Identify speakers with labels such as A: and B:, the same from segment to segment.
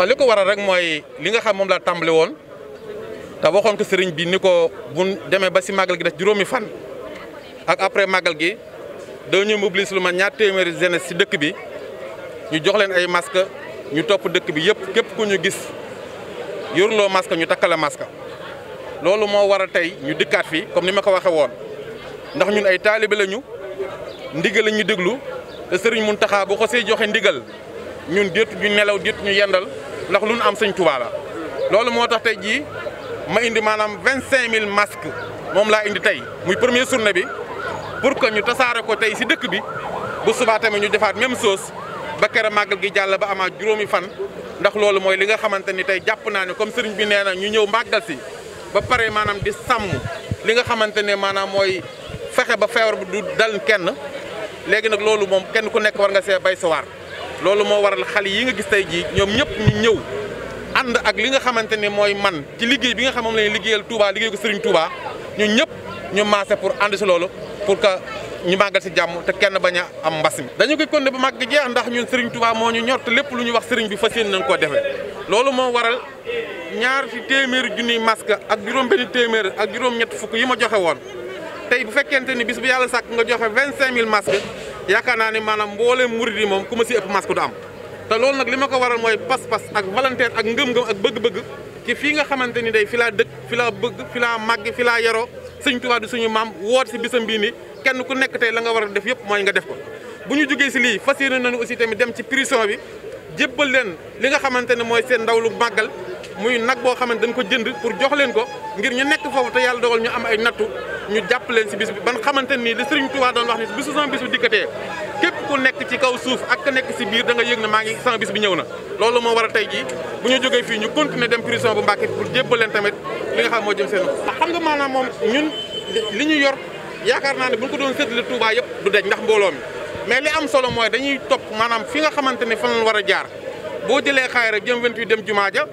A: waaw li ko waral rek mooy li nga xam moom laa tàmbali woon te waxoon ko sëriñ bi ni ko bu demee ba si màggal gi def juróomi fan ak après màggal gi dañuy mobiliser lu ma ñaar téeméeri jeunesse si dëkk bi ñu jox leen ay masque ñu topp dëkk bi yëpp képp ku ñu gis yoruloo masque ñu takkale maska loolu moo waral tey ñu dikkaat fii comme ni ma ko waxee woon ndax ñun ay taalibe lañu ndigal la ñu déglu te sëriñ Muntaxa bu ko joxe ndigal ñun déet ñu nelaw déet ñu yendal ndax lu nu am sëñ Touba loolu moo tax tey jii ma indi maanaam vingt cinq mille masques moom laa indi tey muy première journée bi pour que ñu tasaare ko tey si dëkk bi bu subaa tamit ñu defaat même chose ba keroog màggal gi jàll ba amaat juróomi fan ndax loolu mooy li nga xamante ni tey jàpp naa ne comme sëriñ bi nee na ñu ñëw màggal si ba pare maanaam di sàmm li nga xamante ne maanaam mooy fexe ba feebar bu du dal kenn léegi nag loolu moom kenn ku nekk war nga see bay sa loolu moo waral xale yi nga gis tey jii ñoom ñëpp ñu ñëw ànd ak li nga xamante ne mooy man ci liggéey bi nga xam moom la ñuy liggéeyal Touba liggéey ko Serigne Touba ñu ñëpp ñu maase pour ànd si loolu pour que ñu màggal si jàmm te kenn bañ a am mbas mi. dañu koy kon bu màgg jeex ndax ñun Serigne Touba moo ñu ñort lépp lu ñu wax Serigne bi fa yéene nañ koo defee loolu moo waral ñaar fi téeméeri junniy masque ak juróom-benn téeméer ak juróom-ñett fukk yi ma joxe woon tey bu fekkente ni bis bu yàlla sàkk nga joxe 25000 masques. yaakaar naa ne maanaam mbooleem murid yi moom ku ma si ëpp masque du am te loolu nag li ma ko waral mooy pas-pas ak volontaire ak ngëm-ngëm ak bëgg-bëgg ci fii nga xamante ni day fi laa dëkk fi laa bëgg fi laa màgg fi laa yaroo sëñ Tuubaa di suñu maam woot si bisam bii nii kenn ku nekk tey la nga war a def yëpp mooy nga def ko bu ñu jógee si lii fas yéene nañu aussi tamit dem ci prison bi jébbal leen li nga xamante ne mooy seen ndaw lu màggal muy nag boo xamante ne dañ ko jënd pour jox leen ko ngir ñu nekk foofu te yàlla dogal ñu am ay nattu ñu jàpp leen si bis bi ban xamante ni li Serigne Touba doon wax ni bisu sama bis bi dikkatee képp ku nekk ci kaw suuf ak ku nekk si biir danga nga yëg ne maa ngi sama bis bi ñëw na loolu moo war a tey ji bu ñu jógee fii ñu continuer dem prison bu Mbàkke pour jébbal leen tamit li nga xam moo jëm seen xam nga maanaam moom ñun li ñu yor yaakaar naa ne bu ko doon séddale Touba yëpp du daj ndax mbooloo mais li am solo mooy dañuy topp maanaam fi nga xamante ne fan war a jaar boo jëlee xaay rek jëm 28 dem jumaa ja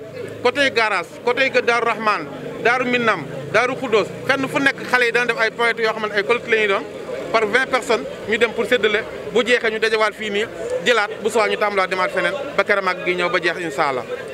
A: côté garage côté kër Daaru Rahman Daaru Minam Daaru Khoudoss fenn fu nekk xale yi dana def ay projet yoo xamante ay collecte la ñuy doon par personnes ñu dem pour séddale bu jeexee ñu dajawaat fii nii jëlaat bu soo ñu tàmbalaat demaat feneen ba keroog màgg gi ñëw ba jeex incha allah